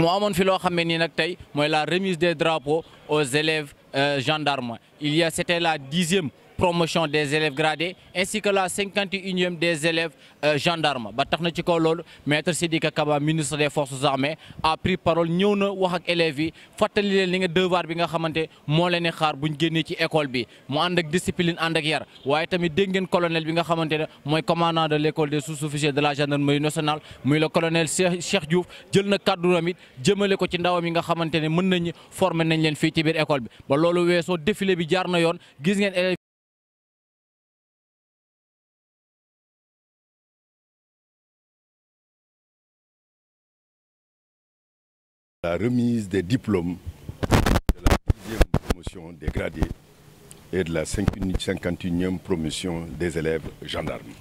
moo amoon fi loo xam ne nii nag tey mooy la remise des drapeaux aux élèves euh, gendarmes il y a c'était la dixième promotion des élèves gradés ainsi que la 51 des élèves euh, gendarmes ba tax na ci kaw loolu maître Sidiki Kaba ministre des forces armées a pris parole ñëw na wax ak élèves yi fàttali leen li nga devoir bi nga xamante moo leen xaar buñ génnee ci école bi mu ànd ak discipline ànd ak yar waaye tamit dégg ngeen colonel bi nga xamante ne mooy commandant de l' des sous-officiers de la gendarmerie nationale muy le colonel Cheikh Diouf jël na kàddu La remise des diplômes de la dixième promotion des gradés et de la 51e promotion des élèves gendarmes.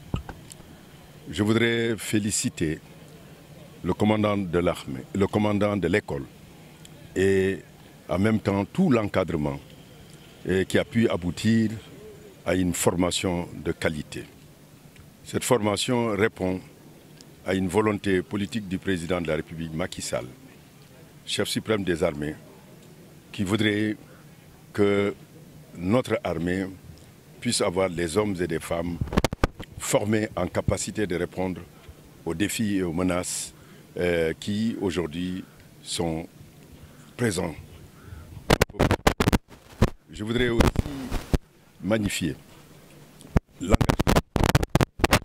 Je voudrais féliciter le commandant de l'armée, le commandant de l'école et en même temps tout l'encadrement eh, qui a pu aboutir à une formation de qualité. Cette formation répond à une volonté politique du président de la République Macky chef suprême des armées, qui voudrait que notre armée puisse avoir les hommes et des femmes formés en capacité de répondre aux défis et aux menaces euh, qui aujourd'hui sont présents. Je voudrais aussi magnifier l'engagement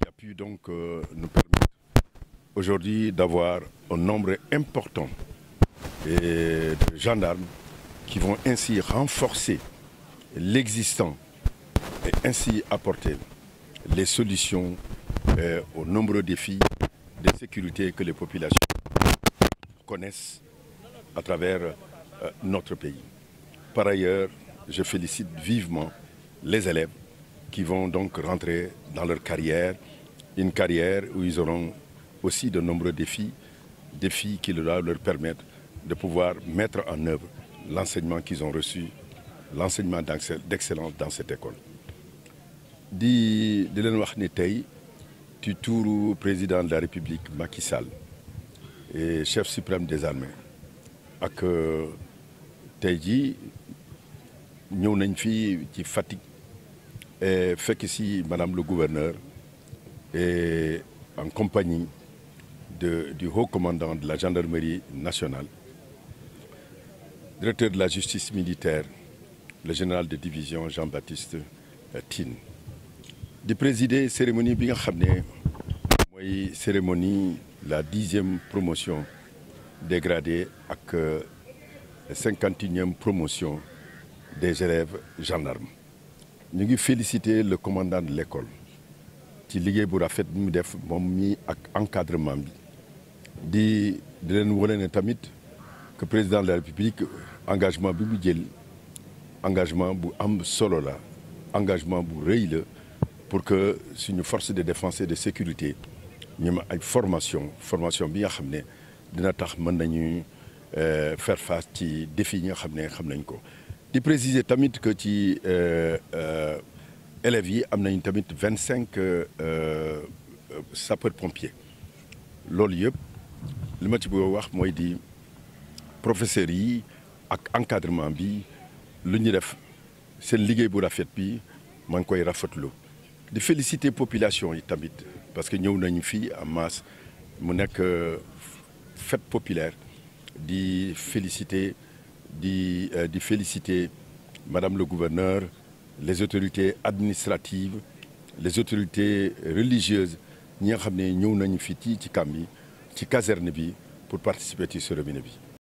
qui a pu donc euh, nous permettre aujourd'hui d'avoir un nombre important de gendarmes qui vont ainsi renforcer l'existant et ainsi apporter les solutions au euh, aux nombreux défis de sécurité que les populations connaissent à travers euh, notre pays. Par ailleurs, je félicite vivement les élèves qui vont donc rentrer dans leur carrière, une carrière où ils auront aussi de nombreux défis, défis qui doivent leur permettre de pouvoir mettre en œuvre l'enseignement qu'ils ont reçu, l'enseignement d'excellence dans cette école. di di leen wax ni tey ci tuuru président de la République Macky Sall et chef suprême des armées ak euh, tey jii ñëw nañ fii ci Fatick fekk si madame le gouverneur et en compagnie de du haut commandant de la gendarmerie nationale directeur de la justice militaire, le général de division Jean-Baptiste euh, tin di présider cérémonie bi nga xam ne mooy cérémonie la dixième promotion dégradée ak euh, cinquante et unième promotion des élèves gendarmes ñu ngi féliciter le commandant de l'école ci liggéey bu rafet bi mu def moom mi ak encadrement bi di di leen tamit président de la république engagement bi mu jël engagement bu am solo la engagement bu rëy la pour que suñu force de défense et de sécurité ñu am ay formation formation bi nga xam ne dina tax mën nañu euh, faire face ci défi yi nga xam ne xam nañ ko di préciser tamit que ci euh, euh, élèves yi am nañu tamit vingt cinq sapeurs pompiers loolu yëpp li ma ci bëgg wax mooy di professeurs yi ak encadrement bi lu ñu def seen liggéey bu rafet bi maa ngi koy rafetlu di félicité population yi tamit parce que ñëw nañu fii en masse mu nekk euh, fête populaire di féliciter di euh, di féliciter madame le gouverneur les autorités administratives les autorités religieuses ñi nga xam ne ñëw nañu fii ci ci camp bi ci caserne bi pour participer ci cérémonie bi